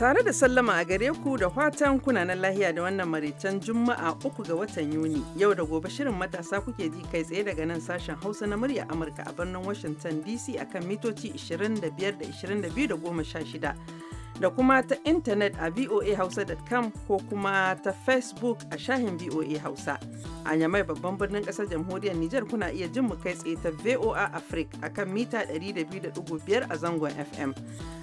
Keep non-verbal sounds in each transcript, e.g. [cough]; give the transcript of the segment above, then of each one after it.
Tare da sallama a gare ku da fatan kunanan lahiya da wannan maraicen Juma'a uku ga watan Yuni. Yau da gobe shirin matasa kuke ji kai tsaye daga nan sashen Hausa na murya Amurka a birnin Washington DC akan mitoci 25 da 22 da 16. da kuma ta intanet a voahausa.com ko kuma ta facebook a shahin voa hausa a yamai babban birnin kasar jamhuriyar nijar kuna iya jin mu kai tsaye ta voa africa a kan mita biyar a zangon fm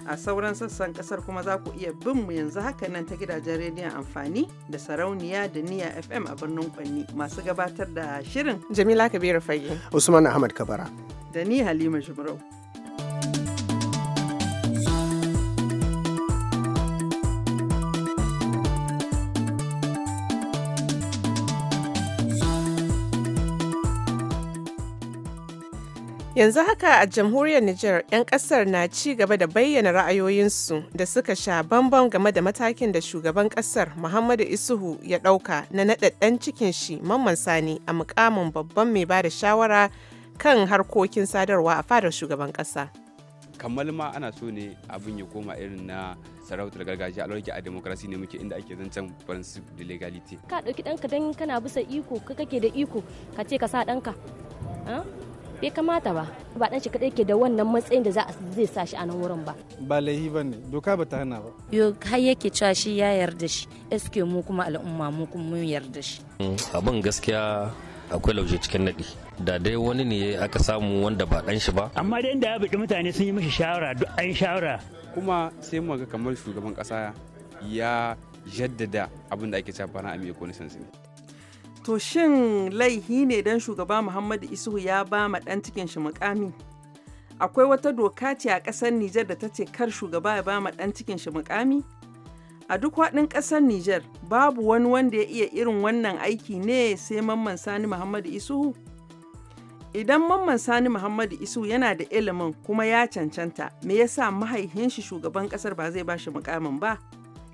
a sauran sassan kasar kuma za ku iya bin mu yanzu haka nan ta gidajen rediyon amfani da sarauniya da niya fm a birnin kwanni masu gabatar da shirin jamila kabiru fage usman ahmad kabara da ni halima jibrau Yanzu haka a jamhuriyar Nijar 'yan kasar na ci gaba da bayyana ra'ayoyinsu da suka sha bambam game da matakin da shugaban kasar Muhammadu Isuhu ya ɗauka na naɗaɗɗen cikin shi Mamman Sani a mukamin babban mai ba da shawara kan harkokin sadarwa a fadar shugaban ƙasa. kammal ma ana so ne abin ya koma irin na sarautar gargajiya a lokacin a demokrasi ne muke inda ake zancen principe da legalite ka ɗauki ɗanka don kana bisa iko ka kake da iko ka ce ka sa ɗanka ah? bai kamata ba ba dan shi kadai ke da wannan matsayin da za a zai sa shi a nan wurin ba ba laihi bane doka ba ta hana ba yo har yake cewa shi ya yarda shi eske mu kuma al'umma mu kuma mun yarda shi mm, abin gaskiya akwai lauje cikin nadi da dai wani ne aka samu wanda ba dan shi ba amma dai inda ya bi mutane sun yi mishi shawara duk an shawara kuma sai mu ga kamar shugaban kasa ya jaddada abin da ake cewa bana a mai kone sansani. To shin laihi ne don shugaba Muhammadu Isuhu ya ba ma ɗan cikin shi mukami? Akwai wata doka ce a ƙasar Nijar da ta ce kar shugaba ya ba ma ɗan cikin shi mukami? A duk waɗin ƙasar Nijar babu wani wanda ya iya irin wannan aiki ne sai Mamman Sani Muhammadu Isuhu? Idan Mamman Sani Muhammadu Isuhu yana da ilimin kuma ya cancanta, me yasa mahaihin shi shugaban ƙasar ba zai ba shi mukamin ba?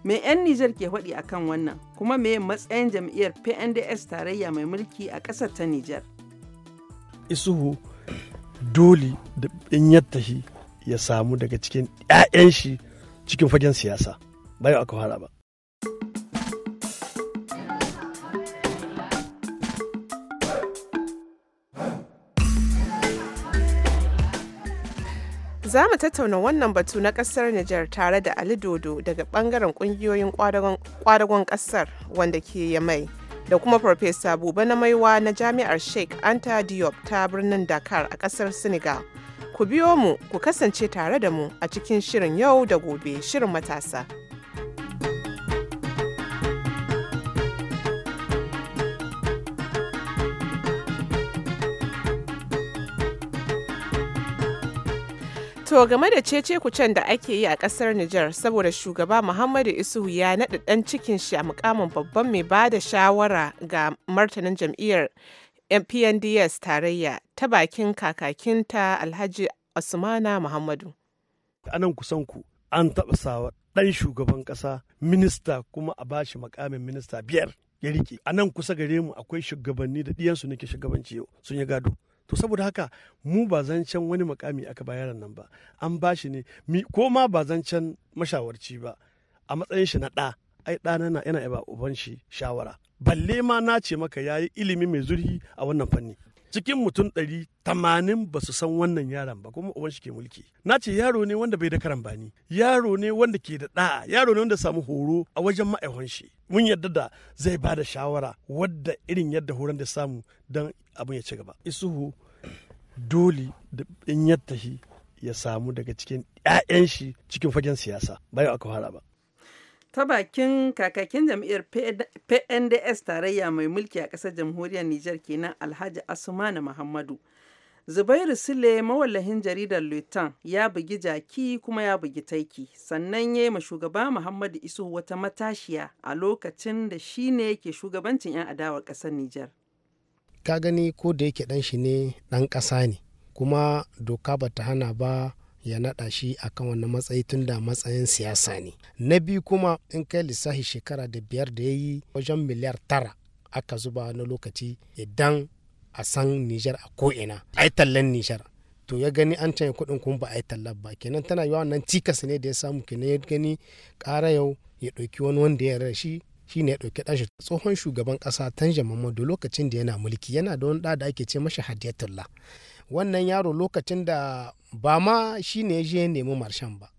Me 'yan Nijar ke faɗi akan wannan kuma me matsayin jam'iyyar PNDS tarayya mai mulki a ƙasar ta Nijar? Isuhu dole da in yadda ya samu daga cikin 'ya'yan shi cikin fagen siyasa bayan aka fara ba. Za mu tattauna wannan batu na kasar Nijar tare da Ali Dodo daga bangaren kungiyoyin kwadagon kasar wanda ke Yamai da kuma Farfesa Buba na Maiwa na Jami'ar Sheikh Anta Diop ta birnin Dakar a kasar Senegal. Ku biyo mu ku kasance tare da mu a cikin shirin yau da gobe shirin matasa. To game da cece kucen da ake yi a kasar Nijar saboda shugaba Muhammadu Isuhu ya naɗa ɗan cikin shi a mukamin babban mai ba da shawara ga martanin jam'iyyar PNDS tarayya ta bakin kakakinta Alhaji Usmana Muhammadu. A nan kusan ku an taɓa sawa ɗan shugaban ƙasa minista kuma a ba shi mukamin minista biyar ya rike A nan kusa gare mu akwai shugabanni da ɗiyansu nake shugabanci yau sun yi gado. to saboda haka mu ba zancen wani makami aka bayaran nan ba an ba shi ne ko ma ba zancen mashawarci ba a matsayin shi na ɗa ai ɗana na yana yaba uban shi shawara balle ma na ce maka yayi ilimi mai zurfi a wannan fanni cikin mutum ɗari tamanin ba su san wannan yaron ba kuma uban shi ke mulki na ce yaro ne wanda bai da karambani yaro ne wanda ke da ɗa'a yaro ne wanda samu horo a wajen ma'aikwan shi mun yadda da zai ba da shawara wadda irin yadda horon da samu don abin ya ci gaba isuhu dole da in yadda shi ya samu daga cikin 'ya'yan shi cikin fagen siyasa bayan aka fara ba ta bakin kakakin jam'iyyar PNDS tarayya mai mulki a ƙasar jamhuriyar Nijar kenan Alhaji Asumana Muhammadu. Zubairu Sule mawallahin jaridar Lutan ya bugi jaki kuma ya bugi taiki sannan ya yi ma shugaba Muhammadu Isu wata matashiya a lokacin da shi ne yake shugabancin 'yan adawar ƙasar Nijar. Ka gani ko da yake ɗan shi ne ɗan ƙasa ne kuma doka bata hana ba ya naɗa shi a kan wani matsayi tun da matsayin siyasa ne na biyu kuma in kai lissafi shekara da biyar da ya yi wajen miliyar tara aka zuba na lokaci idan a san nijar a ko'ina a yi tallan nijar to ya gani an canye kuɗin kuma ba a yi ba kenan tana yi nan cikas ne da ya samu kenan ya gani ƙara yau ya ɗauki wani wanda ya rashi shi ne ya ɗauki ɗanshi tsohon shugaban ƙasa tanja mamadu lokacin da yana mulki yana da wani ɗa da ake ce masa hadiyatullah wannan yaro lokacin da ba ma shi ne je ya nemi marshen ba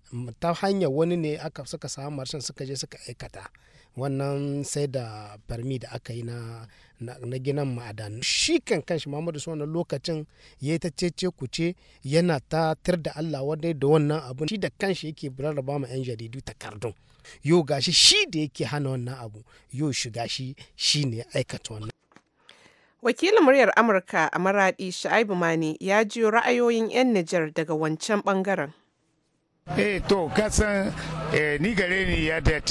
ta hanyar wani ne aka suka samu marshen suka je suka aikata wannan sai da farmi da aka yi na na ginan ma'adanu shi kan kanshi Muhammadu su wannan lokacin ya yi ta cece kuce yana ta tir da Allah wadai da wannan abun shi da kanshi yake ba ma 'yan jaridu takardun yau gashi shi da yake hana wannan abu yau shiga shi shi ne aikata wannan Wakilin muryar Amurka a Maraɗi Sha'ibu Mani ya jiyo ra'ayoyin 'yan Nijar daga wancan ɓangaren. Eh to kasan eh, ni gare ni ya det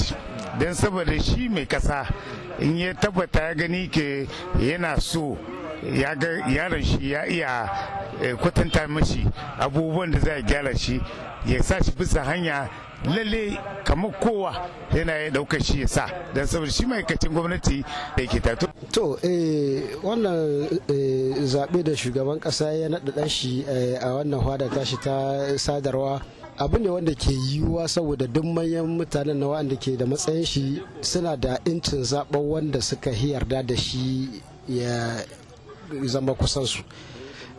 don saboda shi mai kasa in ya tabbata ya gani ke yana so ya shi ya iya eh, kwatanta mashi abubuwan da za a gyara shi ya sa shi bisa hanya lalle kamar kowa yana ya daukar shi ya sa don saboda shi ma'aikacin gwamnati da ke tattu. to eh, wannan eh, zaɓe da shugaban ƙasa ya naɗa ɗan shi eh, a wannan hada tashi ta sadarwa abu ne wanda ke yiwuwa saboda duk manyan mutanen na wanda ke da matsayin shi suna da incin zaɓen wanda suka yarda da shi ya zama kusansu.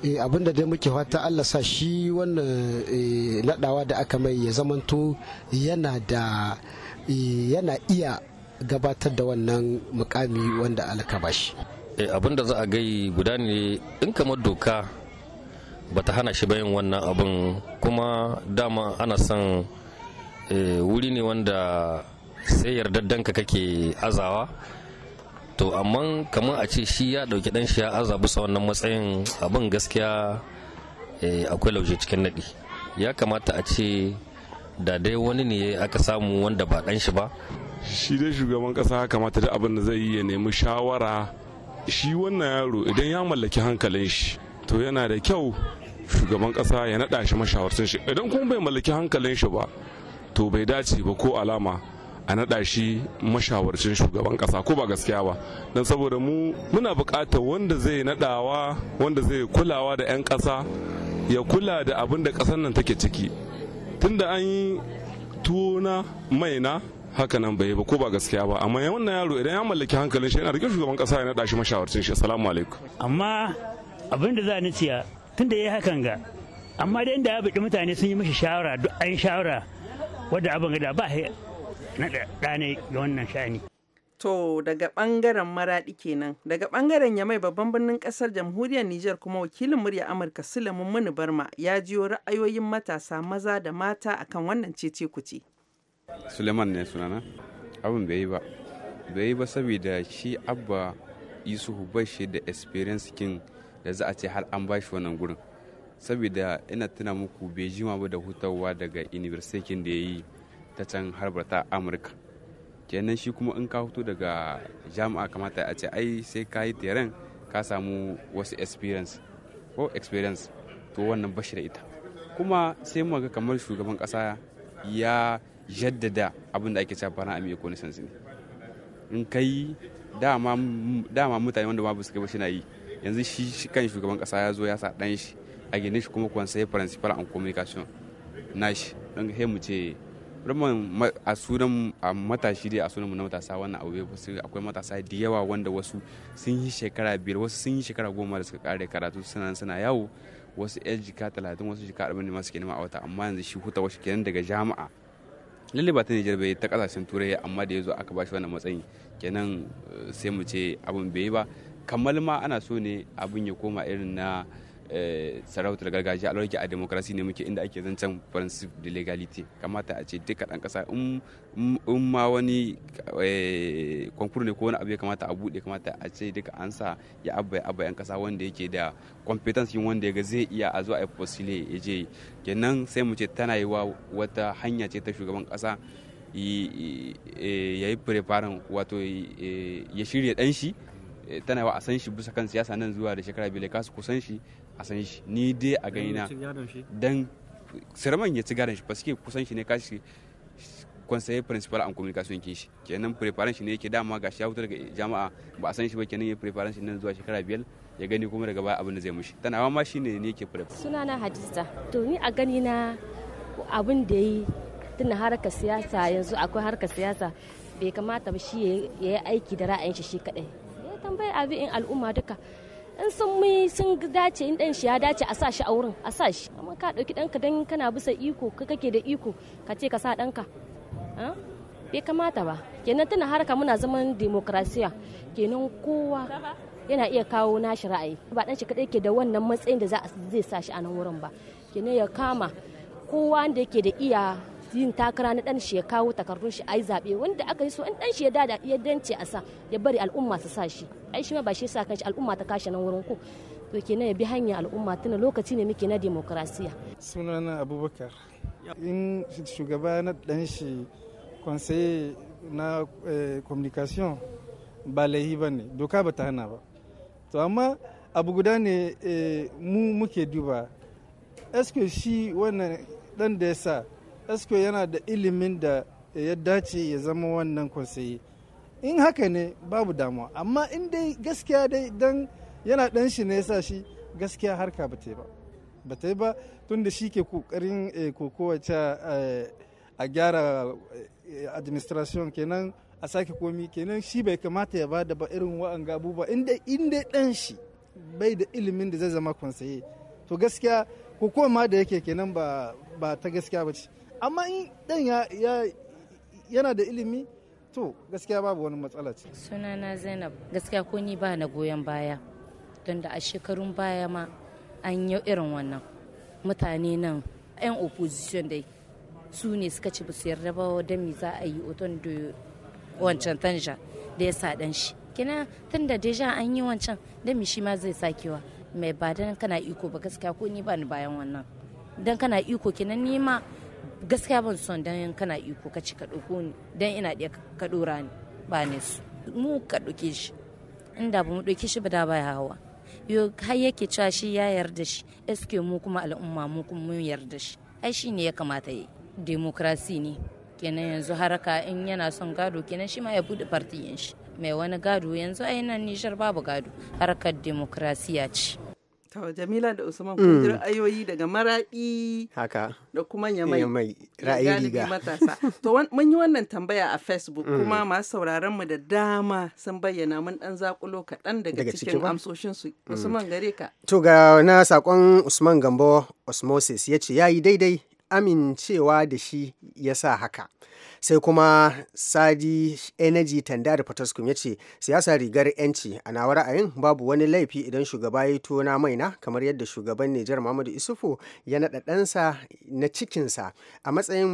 Eh, abin da dai muke fata Allah sa shi wannan eh, naɗawa da aka mai ya zamanto yana da eh, yana iya gabatar da wannan mukami wanda alaka bashi abin da za a gai guda ne in kamar doka ba ta hana shi bayan wannan abin kuma dama ana son wuri ne wanda sai danka kake azawa to amma kamar a ce shi ya dauki dan shi ya azabu sa wannan matsayin abin gaskiya eh, akwai lauje cikin nadi ya kamata a ce da dai wani ne aka samu wanda ba dan shi ba shi dai shugaban kasa kamata da abin da zai yi ya nemi shawara shi wannan yaro idan ya mallaki hankalin shi to yana da kyau shugaban kasa ya naɗa shi mashawarcin shi idan kuma bai mallaki hankalin shi ba to bai dace ba ko alama a naɗa shi mashawarcin shugaban ƙasa ko ba gaskiya ba don saboda mu muna buƙatar wanda zai naɗawa wanda zai kulawa da 'yan ƙasa ya kula da abin da ƙasar nan take ciki tunda an yi tuwo na maina haka nan bai ba ko ba gaskiya ba amma wannan yaro idan ya mallaki hankalin shi yana rikin shugaban kasa ya naɗa shi mashawarcin shi assalamu alaikum amma abin da za ni ciya tun da ya hakan ga amma da inda ya bi mutane sun yi mashi shawara duk an shawara wadda abin da ba naɗa ɗane ga wannan shani. To daga ɓangaren maraɗi kenan, daga ɓangaren Yamai babban birnin ƙasar jamhuriyar Nijar kuma wakilin murya Amurka Sulaiman Muni Barma ya jiyo ra'ayoyin matasa maza da mata akan wannan cece kuce. Suleiman ne sunana, abin bai yi ba. Bai yi ba saboda shi abba Yusufu bashi da experience kin da za a ce har an bashi wannan gurin. Saboda ina tuna muku bai jima ba da hutawa daga university da ya yi ta can harbar ta amurka kenan shi kuma in ka fito daga jami'a kamata a ce ai sai ka yi teren ka samu wasu experience ko experience to wannan bashi da ita kuma sai mu ga kamar shugaban kasa ya jaddada abin da ake cewa a ko connaissance ne in kai dama dama mutane wanda ma ba su kai ba shi na yi yanzu shi kan shugaban kasa ya zo ya sa dan shi a gine shi kuma kwansa ya principal an communication shi don mu ce Raman a sunan a matashi dai a sunan mu na matasa wannan abu akwai matasa da yawa wanda wasu sun yi shekara biyar wasu sun yi shekara goma da suka kare karatu suna suna yawo wasu yan jika talatin wasu jika arba'in masu ke nema a wata amma yanzu shi huta wasu kenan daga jami'a lalle ba ta Nijar bai ta kasashen turai amma da ya zo aka bashi wannan matsayi kenan eh, sai mu ce abin bai ba kamar ma ana so ne abin ya koma irin na Eh, sarautar gargajiya a a demokrasi ne muke inda ake zancen principe de legalite kamata a ce duka dan kasa in ma wani eh, konkur ne ko wani abu ya kamata a bude kamata a ce duka an sa ya abba abba yan kasa wanda yake da competence yin wanda ga zai iya a zuwa a fosile ya je kenan sai mu ce tana yi wa wata hanya ce ta shugaban kasa eh, ya yi preparan wato ya shirya dan shi tana wa a san shi bisa kan siyasa nan zuwa da shekara biyu kasu kusan shi a san shi ni dai a gani na dan sirman ya ci gadon shi ba suke kusan shi ne kashi conseiller principal en communication ke shi kenan preparan shi ne yake dama gashi ya fitar daga jama'a ba a san shi ba kenan ya preparan shi nan zuwa shekara biyar ya gani kuma daga baya abin da zai mushi tana ma shi ne ne yake suna sunana hadiza to ni a gani na abin da yi tunda harkar siyasa yanzu akwai harkar siyasa bai kamata ba shi ya yi aiki da ra'ayin shi shi kadai ya tambaya abin al'umma duka in sun mi sun dace in dan shi ya dace a sa shi a wurin a sa shi amma ka dauki danka dan kana bisa iko ka kake da iko ka ce ka sa danka ah? bai kamata ba kenan tana harka muna zaman demokrasiya kenan kowa yana iya kawo nashi ra'ayi ba dan shi kadai ke da wannan matsayin da za zai sa shi a nan wurin ba kenan ya kama kowa da yake da iya yin takara na dan shi ya kawo takardun shi ayi zabe wanda aka yi so in dan shi ya dada ya dance a sa ya bari al'umma su sa shi ai shi ma ba shi sa shi al'umma ta kashe nan wurin ku to kenan ya bi hanya al'umma tuna lokaci ne muke na demokrasiya sunana abubakar in shugaba na dan shi conseil na eh, communication ba laihi ba ne doka ba ta hana ba to amma abu guda ne eh, mu muke duba eske shi wannan dan da ya sa esko yana da ilimin da ya dace ya zama wannan kwansaye in haka ne babu damuwa amma in dai gaskiya dai don yana dan shi ne yasa shi gaskiya harka ba ta yi ba ba ta yi ba tun da shi ke kokarin eh, kokowace eh, a gyara eh, administration kenan a sake komi kenan shi bai kamata ya ba da ba irin wa'an gabu ba inda inda dan shi bai da ilimin da zai zama kwansaye to gaskiya ko ma da yake kenan ba ta gaskiya ba ce amma in dan ya yana da ilimi to gaskiya babu wani matsala ce sunana zainab gaskiya ko ni ba na goyon baya don da a shekarun baya ma an yi irin wannan mutane nan 'yan opposition dai su ne suka ci su yarda ba wadda me za a yi otan da wancan tanja da ya sa dan shi kina tun da deja an yi wancan da me shi ma zai sakewa mai ba dan kana iko ba gaskiya ko ni ba ni bayan wannan dan kana iko kinan ni ma gaskiya ban son dan kana iko ka ci ka ɗauko ni dan ina ɗaya ka ɗora ni ba ne su mu ka ɗauke shi inda ba mu ɗauke shi ba da baya hawa yo har yake cewa shi ya yarda shi eske mu kuma al'umma mu kuma mun yarda shi ai shi ne ya kamata yi demokrasi ne kenan yanzu haraka in yana son gado kenan shi ma ya bude farti shi mai wani gado yanzu ai nan nishar babu gado harkar demokrasiya ce To Jamila da Usman kun ji mm. ra'ayoyi daga maraɗi haka da kuma yamai yamai ra'ayi riga matasa. [laughs] To mun yi wannan tambaya a Facebook mm. kuma masu sauraron mu da dama sun bayyana mun dan zakulo kaɗan daga cikin amsoshin su. Mm. Usman gare ka. To ga na sakon Usman Gambo Osmosis ya ce yayi daidai amincewa da shi ya sa haka sai kuma sadi energy tanda da potoskum ya ce siyasa rigar yanci a nawa ra'ayin babu wani laifi idan shugaba ya tona maina kamar yadda shugaban nijar muhammadu isufu ya naɗa ɗansa na cikinsa a matsayin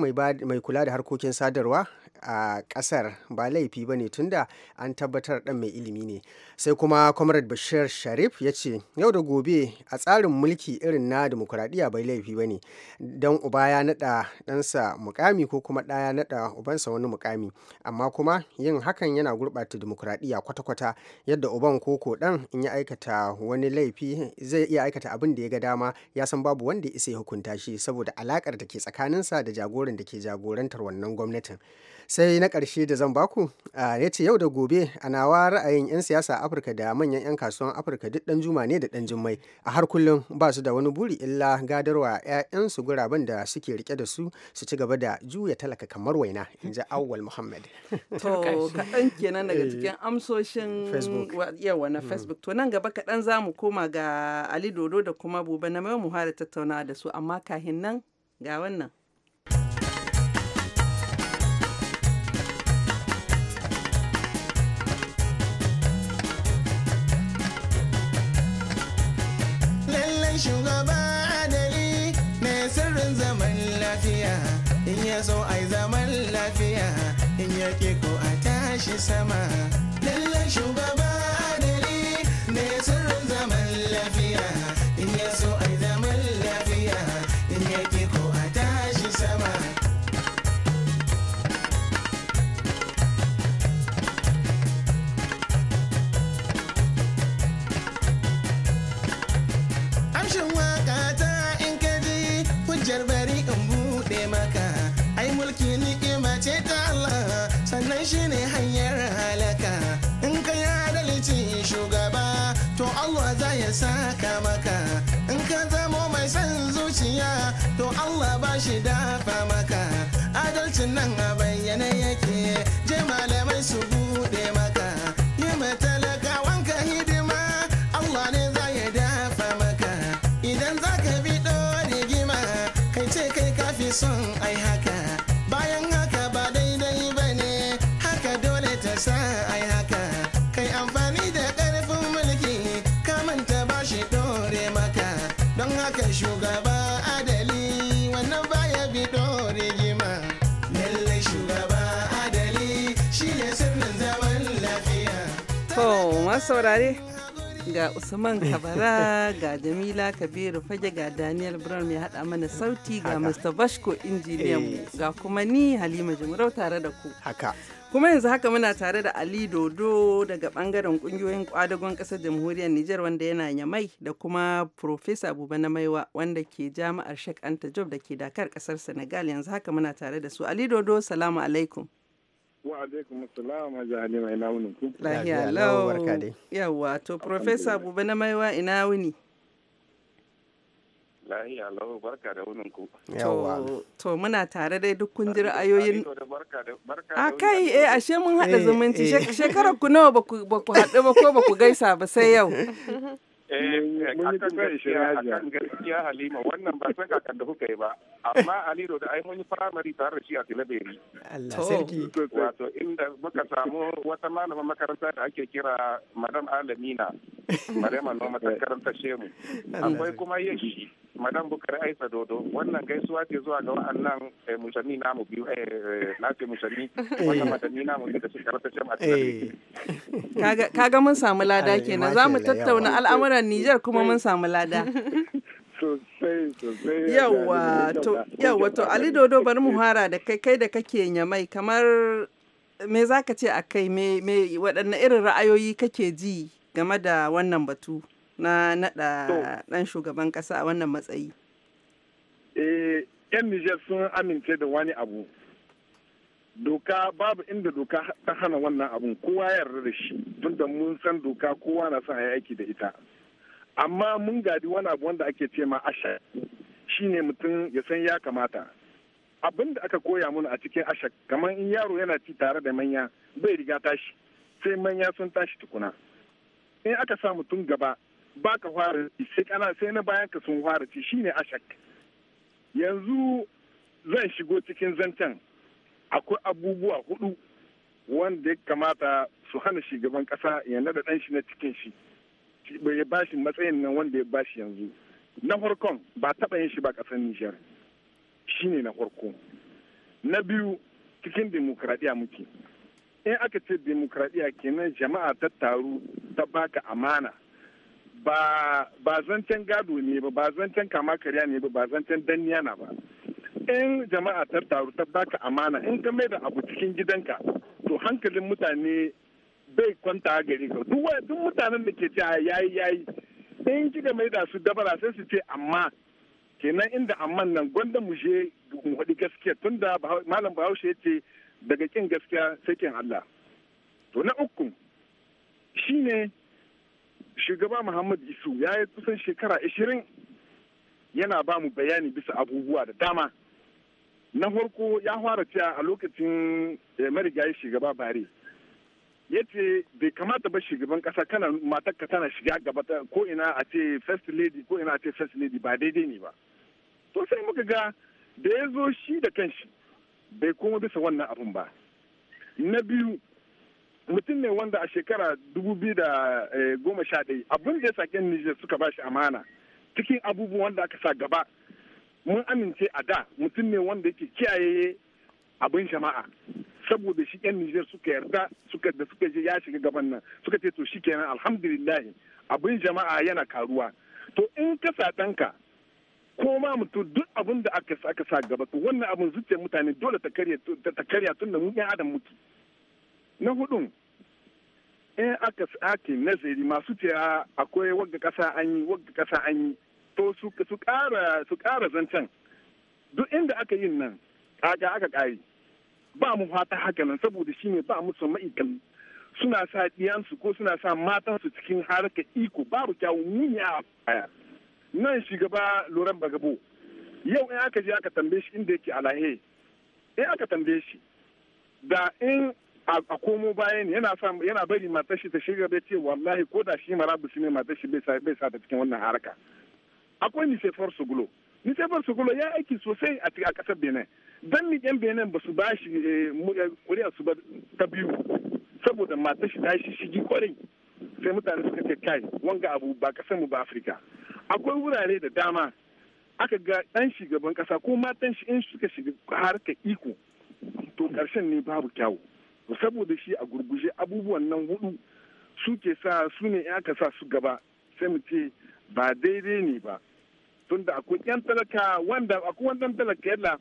mai kula da harkokin sadarwa a kasar ba laifi ba ne tunda an tabbatar dan mai ilimi ne sai kuma comrade bashir sharif ya ce yau da gobe a tsarin mulki irin na demokuraɗiyya bai laifi ba ne don uba ya naɗa ɗansa mukami ko kuma ɗaya naɗa ubansa wani mukami amma kuma yin hakan yana gurɓata demokuraɗiyya kwata-kwata yadda uban ko ko ɗan in ya aikata wani laifi zai iya aikata abin da ya ga dama ya san babu wanda ya isa ya hukunta shi saboda alaƙar da ke tsakaninsa da jagoran da ke jagorantar wannan gwamnatin sai na ƙarshe da zan baku ya ce yau da gobe a nawa ra'ayin 'yan siyasa afirka da manyan 'yan kasuwan afirka duk dan juma ne da dan jummai a har kullum ba su da wani buri illa gadarwa 'ya'yansu guraben da suke rike da su su ci gaba da juya talaka kamar waina in ji awwal muhammad [laughs] to kaɗan kenan daga eh, cikin amsoshin yawa na mm. facebook to nan gaba kaɗan za mu koma ga ali dodo da kuma buba na mai muhara tattauna da su amma kahin nan ga wannan so ai zaman lafiya in yake ko a tashi sama lallan shugaba adali ne sirrin zaman lafiya in ya so ai zaman lafiya in ya ko a tashi sama amshin waka ta in kaji hujjar bari ce ta Allah sannan shi ne hanyar halaka in ka yi adalci shugaba to Allah za ya saka maka in ka zamo mai son zuciya to Allah ba shi dafa maka adalcin nan a bayyane yake je malamai su saurare ga Usman Kabara ga Jamila Kabiru Fage ga Daniel Brown ya haɗa mana sauti ga Mr. Bashko injiniyan eh. ga kuma ni Halima Jumrau tare da ku. Haka. kuma yanzu haka muna tare da ali dodo daga bangaren kungiyoyin kwadagon kasar jamhuriyar niger wanda yana yamai da kuma profesa abuba na maiwa wanda ke jami'ar shek anta job da ke dakar ƙasar senegal yanzu haka muna tare da su ali dodo salamu alaikum Wa alaikum assalam hajji mai ina wuni ku. Lahiya lau. Yawwa to Profesa Bube na Maiwa ina wuni. Lahiya lau barka da wunin ku. Yawwa. To muna tare dai duk kun ji ra'ayoyin. A ah, kai eh ashe mun haɗa eh, zumunci eh. shekarar ku nawa ba ku haɗu ba ko ba ku gaisa ba sai yau. [laughs] Eh, eh, eh, akan gaskiya halima wannan ba san kakan da kuka yi ba amma alido da ai mun yi firamare tare da shi a tilaberi Allah sarki wato inda muka samu wata malama makaranta da ake kira madam alamina maryama no mata karanta shemu akwai kuma yashi madam bukari aisa dodo wannan gaisuwa ce zuwa ga wa'annan eh, mushani namu biyu eh na eh, ce mushani eh. wannan madani namu biyu da suka rasa shan a kaga mun samu lada kenan za mu tattauna al'amuran Nijar kuma mun samu lada [laughs] yawa to Ali Dodo bari mu hara da kai kai da kake nyamai kamar me za ka ce a kai me waɗanne irin ra'ayoyi kake ji game da wannan batu na naɗa ɗan shugaban ƙasa a wannan matsayi? Eh, 'yan Nijar sun amince da wani abu. Doka babu inda doka ta hana wannan abun kowa yarda da shi tunda mun san doka kowa na son aiki da ita. Amma mun gadi wani abu wanda ake ce ma asha shi ne mutum ya san ya kamata. Abin da aka koya mun a cikin asha kamar in yaro yana ci tare da manya bai riga tashi sai manya sun tashi tukuna. In aka sa mutum gaba ba ka fara ci sai kana sai na bayan ka sun fara ci shine ashak yanzu zan shigo cikin zancen akwai abubuwa hudu wanda ya kamata su hana shugaban kasa ya nada dan shi na cikin shi ya bashi matsayin nan wanda ya bashi yanzu na farkon ba taba yin shi ba ƙasar Nijar shine na farko na biyu cikin demokradiya muke in aka ce demokradiya kenan jama'a ta taru ta baka amana ba ba zancen gado ne ba ba zancen kama kariya ne ba ba zancen danniya na ba in jama'a ta taru ta baka amana in ka mai da abu cikin gidanka to hankalin mutane bai kwanta gari ka duk duk mutanen da ke ce yayi yayi in kika mai da su dabara sai su ce amma kenan inda amman nan gwanda mu je mu hadi gaskiya tunda malam bahaushe ya ce daga kin gaskiya sai kin Allah to na uku shine shugaba muhammad isu ya yi kusan shekara ashirin yana ba mu bayani bisa abubuwa da dama na farko ya fara cewa a lokacin eh, marigayi shugaba bare ya ce bai kamata ba shugaban kasa kana matarka tana shiga gaba ko ina a ce first lady ko ina a ce first lady ba daidai ne ba to sai muka ga da ya zo shi da kanshi bai koma bisa wannan abun ba na biyu mutum ne wanda a shekara dubu biyu da eh, goma sha daya abin da ya sake Nijar suka ba shi amana cikin abubuwan wanda aka sa gaba mun amince a da mutum ne wanda yake kiyaye abin jama'a saboda shi yan Nijar suka yarda suka da suka je ya shiga gaban nan suka ce to shikenan alhamdulillah abin jama'a yana karuwa to in ka sa ɗanka ko ma mutum duk abin da aka aka sa gaba to wannan abun zuciyar mutane dole ta karya ta karya tunda mu yan adam mutu na hudun in aka sake nazari masu cewa akwai wagga kasa an yi wagga kasa an yi to su kara zancen duk inda aka yin nan kaga aka kare ba mu fata haka nan saboda shine ba mu son ma'aikan suna sa diyansu ko suna sa matansu cikin harkar iko babu kyawun muni a baya nan shugaba loran bagabo yau in aka je aka tambaye shi inda yake alahe in aka tambaye shi da in a komo bayan yana bari matar shi ta shiga bai ce wallahi ko da shi mara shi ne matar shi bai sa bai sa ta cikin wannan harka akwai nisefar sugulo nisefar sugulo ya aiki sosai a cikin kasar benin dan ni yan benin ba su bashi kuriya eh, eh, su ba ta biyu saboda matar shi ta shi shigi kwarai sai mutane suka ce kai wanga abu ba kasar mu ba afirka akwai wurare da dama aka ga ɗan shugaban kasa ko matan shi in suka shiga harka iko to karshen ne babu kyau. saboda shi a gurguje abubuwan nan hudu suke sa su ne in aka su gaba sai mu ce ba daidai ne ba tunda akwai yan talaka wanda akwai wannan talaka yalla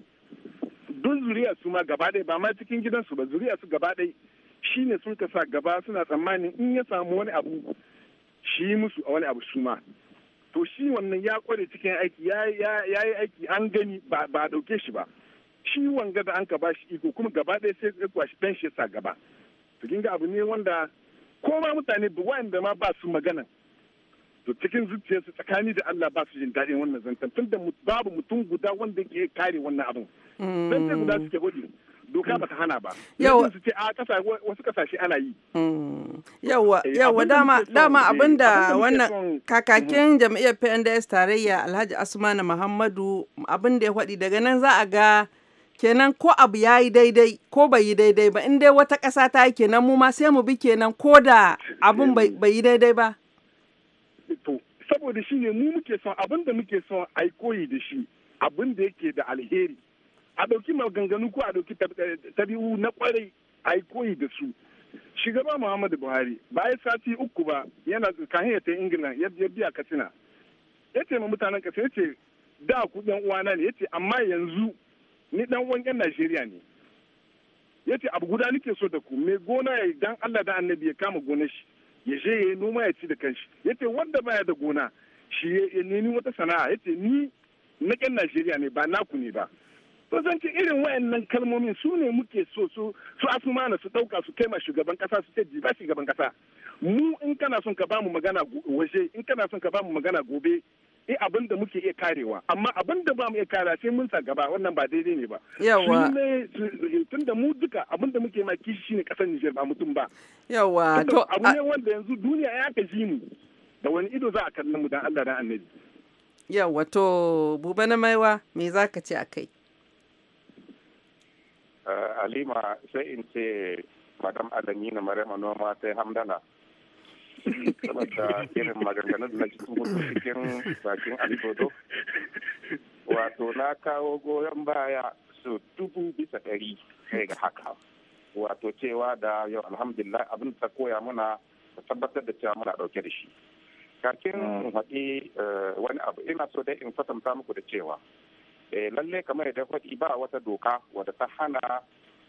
don zuriya su ma gaba ɗaya ba ma cikin gidansu ba zuriya su gaba ɗaya shi ne sun sa gaba suna tsammanin in ya samu wani abu shi musu a wani abu su ma to shi wannan ya kware cikin aiki ya yi aiki an gani ba a ɗauke shi ba Ciwon gada da an ka ba shi iko kuma gaba ɗaya sai ya kwashi ɗan shi sa gaba to kin ga abu ne wanda ko ma mutane ba wanda ma ba su magana to cikin zuciyarsu tsakani da Allah ba su jin daɗin wannan zantan tunda babu mutum guda wanda ke kare wannan abin sai mm. guda suke gudu doka ba ta hana ba Yau. su ce a ah, kasa wasu kasashe ana yi mm. yawa eh, yawa dama dama abinda wannan kakakin mhm. jam'iyyar PNDS tarayya Alhaji Asmanu Muhammadu abinda ya faɗi daga nan za a ga kenan ko abu ya yi daidai ko bai yi daidai ba in dai wata ƙasa ta yi kenan mu ma sai mu bi kenan ko da abin bai yi daidai ba. To saboda shi ne mu muke son abin da muke son a yi koyi da shi abin da yake da alheri a ɗauki maganganu ko a ɗauki eh, tabi'u na kwarai a yi koyi da su. Shugaba Muhammadu Buhari bayan sati uku ba yana kahin ya ta Ingila ya biya Katsina. Ya ce ma mutanen ƙasa ya ce da ku uwana ne ya ce amma yanzu ni dan wani yan Najeriya ne ya ce abu guda nake so da ku mai gona ya dan Allah da annabi ya kama gona shi ya je ya yi noma ya ci da kanshi ya ce wanda baya da gona shi ya nemi wata sana'a ya ce ni na yan Najeriya ne ba naku ne ba to zan ce irin wayannan kalmomin su ne muke so su su asumana su ɗauka su kai ma shugaban kasa su ce ba shugaban kasa mu in kana son ka bamu magana waje in kana son ka bamu magana gobe e abin da muke iya karewa amma abin da ba mu iya karewa sai mun sa gaba wannan ba daidai ne ba yawa eh, tun da mu duka abin da muke ma kishi shine kasar Niger ba mutum ba yawa to abu ne wanda yanzu duniya ya ka ji mu da wani ido za a kalli mu dan Allah dan Annabi yawa to buba na maiwa me zaka ce akai eh, alima sai in ce madam Adamina Marema Noma sai Hamdana saboda irin maganganun cikin cikin bakin alibodo wato na kawo goyon baya su dubu bisa ɗari kai ga haka wato cewa da yau alhamdulillah abin ta koya muna tabbatar da cewa muna ɗauke da shi kakin haɗi mm. eh, wani abu ina so dai in kwatanta muku da cewa eh, lalle kamar da faɗi ba wata doka wadda ta hana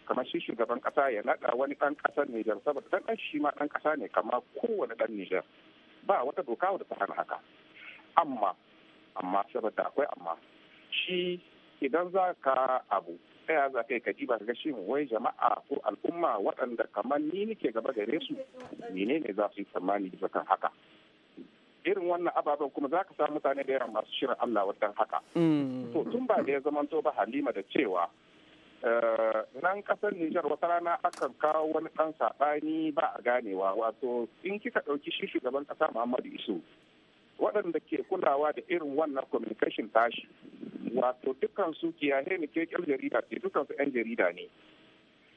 kamar shi shugaban kasa ya naɗa wani ɗan ƙasar Nijar saboda ɗan ɗan shi ma ɗan ƙasa ne kama kowane ɗan Nijar ba wata doka wadda ta hana haka amma amma saboda akwai amma shi idan za ka abu ɗaya za ka yi ka ga shin wai jama'a ko al'umma waɗanda kamar ni nake gaba gare su mene ne za su yi tsammani bisa haka irin wannan ababen kuma za ka samu mutane da yawa masu shirin Allah wadan haka mm. to tun ba da ya zamanto ba Halima da cewa Eh, nan kasar Nijar wata rana akan kawo wani ɗan saɓani ba a ganewa wato in kika ɗauki shi shugaban ƙasa Muhammadu Isu waɗanda ke kulawa da irin wannan communication tashi wato dukkan su ya ni ke jarida ce dukkan su ƴan jarida ne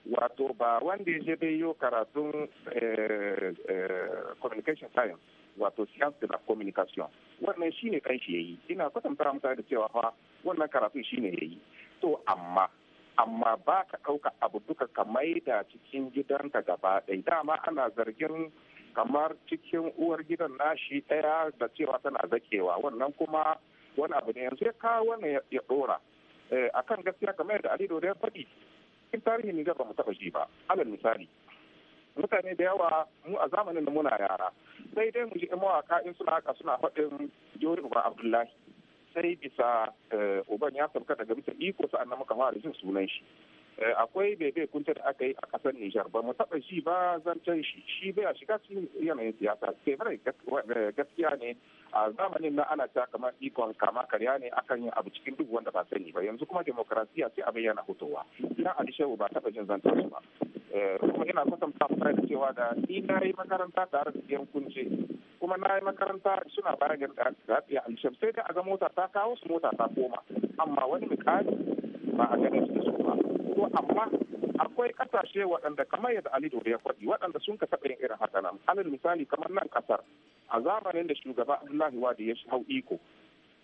wato ba wanda ya je bai yi karatun eh, eh, communication science wato science de la communication wannan shine kanshi shi yayi ina kwatanta mutane da cewa fa wannan karatun shine yayi to amma amma ba ka ɗauka abu duka ka maida cikin gidanta gaba ɗaya dama ana zargin kamar cikin uwar gidan nashi ɗaya da cewa tana zakewa wannan kuma wani abu ne yanzu ya kawo wannan ya ɗora eh, a kan gaskiya kamar yadda alido da ya faɗi cikin tarihi ne ba mu taɓa shi ba alal misali mutane da yawa mu a zamanin da muna yara sai dai mu ji mawaka in suna haka suna faɗin jori uba abdullahi sai bisa uban eh, ya sauka daga bisa iko sa'an na muka fara jin sunan shi eh, akwai bebe kunta da aka yi a kasar Nijar ba mu taɓa shi ba zancen shi shi bai shiga cikin yanayin siyasa sai mara eh, gaskiya ne a zamanin na ana ta kamar ikon kama karya ne akan yin abu cikin duk wanda ba sani ba yanzu kuma demokarasiya sai abin yana hutowa na alishewu ba taɓa jin zancen shi ba kuma ina kwatanta mu da cewa da ni na yi makaranta tare da yan kunce kuma na yi makaranta suna bayar da gafiya alsham sai da a ga mota ta kawo su mota ta koma amma wani mikali ba a ganin su ba to amma akwai kasashe waɗanda kamar yadda Ali Dore ya kwaɗi waɗanda sun ka taɓa yin irin haka nan alal misali kamar nan ƙasar a zamanin da shugaba Abdullahi Wade ya hau iko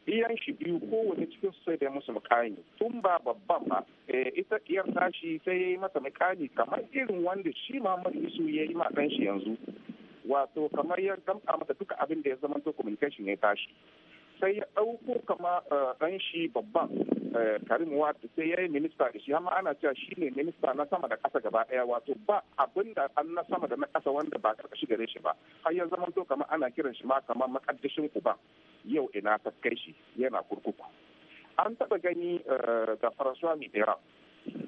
iyan shi biyu kowane cikin su sai da musu mukami tun ba babban ba eh, ita iyar tashi sai ya yi masa mukami kamar irin wanda shi Muhammad Isu ya yi ma shi yanzu wato kamar ya damƙa mata duka abinda ya zama to communication ya tashi sai ya ɗauko kama eh, ɗan shi babban eh, karim wad sai ya yi minista da shi amma ana cewa shi ne minista na sama da ƙasa gaba ɗaya wato ba abin da an na sama da na ƙasa wanda ba ƙarƙashi gare shi ba har ya zama to kama ana kiran shi ma kama makaddashin uban yau ina ta kai shi yana kurkuku an taɓa gani da eh, faransuwa mitterrand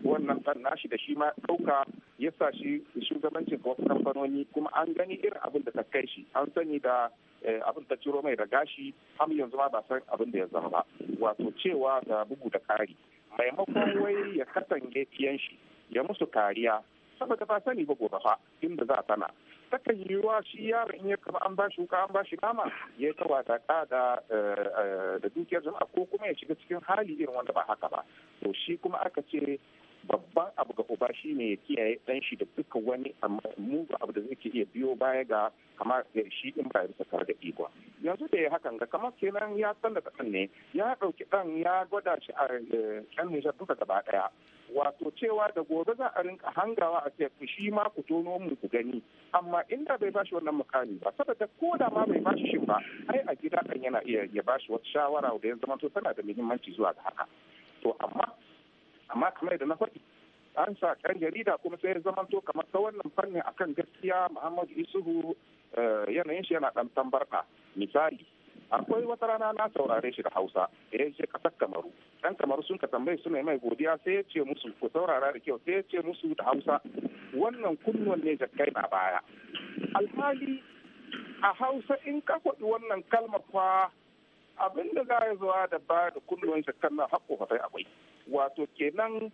wannan ɗan nashi da shi ma ɗauka ya sa shi shugabancin wasu kamfanoni kuma an gani irin abin da ta kai shi an sani da eh, abin ta ciro mai da gashi har yanzu ma ba san abin da ya zama ba wato cewa da bugu da kari maimakon wai ya katange fiyan shi ya musu kariya saboda ba sani ba gobe fa inda za a sana takan yiwuwa shi yaron in ya kama an ba shi wuka an ba shi kama ya yi tawa da eh, eh, da dukiyar jama'a ko kuma ya shiga cikin hali irin wanda ba haka ba to shi kuma aka ce babban abu ga uba shi ne ya kiyaye dan shi da duka wani mugu abu da zai iya biyo baya ga kamar shi in ba bisa tare da igwa yanzu da ya hakan ga kamar kenan ya san da ɗan ne ya ɗauki ɗan ya gwada shi a ƙyan eh, nijar duka gaba ɗaya wato cewa da gobe za a rinka hangawa a ce ku shi ma ku tono mu ku gani amma inda bai bashi wannan mukami ba saboda ko da ma bai bashi shi ba ai a gida kan yana iya ya bashi wata shawara da ya zama to tana da muhimmanci zuwa ga haka to amma amma kamar da na faɗi an sa ɗan jarida kuma sai ya zamanto kamar ta wannan fannin akan gaskiya muhammadu isuhu eh, yanayin shi yana ɗan tambarɗa misali akwai wata rana na saurare shi da hausa ya ce kasar kamaru ɗan kamaru sun ka tambaye suna mai godiya sai ya ce musu ko saurara da kyau sai ya ce musu da hausa wannan kunnuwan ne jakkai na baya alhali a hausa in ka faɗi wannan kalmar fa abinda za ya zuwa da baya da kunnuwan jakkan na haƙƙo fa akwai wato kenan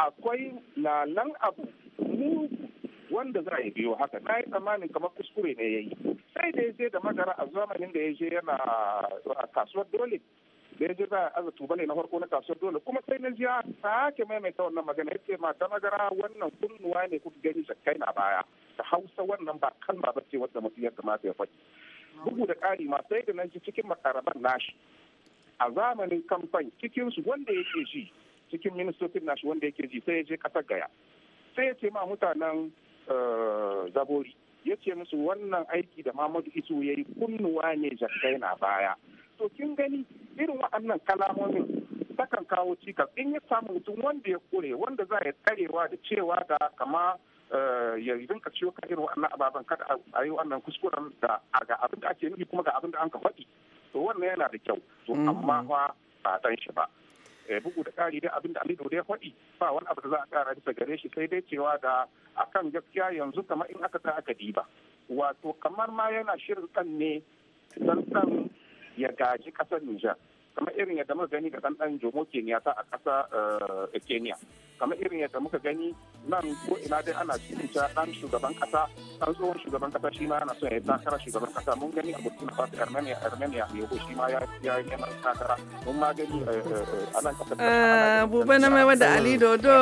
akwai lalan abu mu wanda za a yi biyo haka na yi tsammanin kamar kuskure ne ya yi sai da ya je da magara a zamanin da ya je yana kasuwar dole da ya je za a aza ne na farko na kasuwar dole kuma sai na ji ya sake maimaita wannan magana ma ta magara wannan kunnuwa ne kuka gani shakkai na baya ta hausa wannan ba kalma ba ce wadda mutum ya kamata ya faɗi bugu da ƙari ma sai da na ji cikin makaraban nashi a zamanin kamfan cikin su wanda yake ji cikin ministocin nashi wanda yake ji sai ya je kasar gaya sai ya ce ma mutanen eh, zabori ya ce musu wannan aiki da mamadu Isu ya yi kunnuwa ne jakai na baya. To kin gani irin waɗannan kalamomin takan kawo cikas in ya samu mutum wanda ya kure wanda za ya tsarewa da cewa da kama eh, ya rinka ciwo kan irin waɗannan ababen kada a yi wannan kuskuren da ga abin da ake nufi kuma ga abin da an ka faɗi. to wannan yana da kyau to mm-hmm. amma fa ba dan shi ba eh, bugu da ƙari dai abin da Ali ya faɗi ba wani abu da za a kara bisa gare shi sai dai cewa da akan gaskiya yanzu kamar in aka ta aka diba wato kamar ma yana shirin kan ne ɗan ya gaji kasar Nijar kamar irin yadda muka gani da ɗan ɗan Jomo eh, Kenya ta a kasa Kenya kamar irin yadda muka gani nan ko ina dai ana ta dan shugaban kasa dan tsohon shugaban kasa shi ma yana son ya yi takara shugaban kasa mun gani a burkina faso armenia armenia ya ko shi ma ya yi neman takara mun ma gani eh, eh, eh, a nan kasa buba na mai wada ali dodo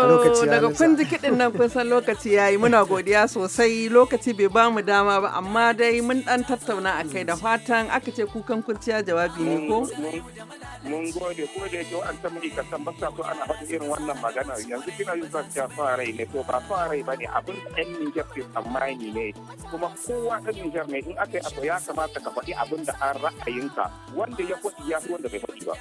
daga kun ji kiɗin nan kun san lokaci ya yi muna godiya sosai lokaci bai ba mu dama ba amma dai mun dan tattauna a kai da fatan aka ce kukan kunciya jawabi ne ko mun gode ko da yake an ta mu ka san ana faɗi irin wannan magana yanzu fitinan zanta sa rai ne to ba sa rai ba ne abin ɗan Nijar ke tsammani ne kuma kowa ɗan Nijar ne in aka yi abu ya kamata ka faɗi abin da an ra'ayinka wanda ya faɗi ya fi wanda bai faɗi ba.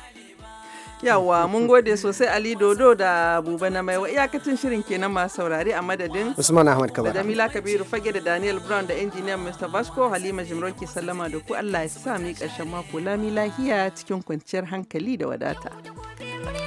Yawa mun gode sosai Ali Dodo da Buba na Maiwa iyakacin shirin kenan masu saurare a madadin Usman Ahmad Kabara da Jamila Kabiru Fage da Daniel Brown da injiniyan Mr. Vasco Halima Jimron ke sallama da ku Allah ya sa mi karshen mako lami lahiya cikin kwanciyar hankali da wadata.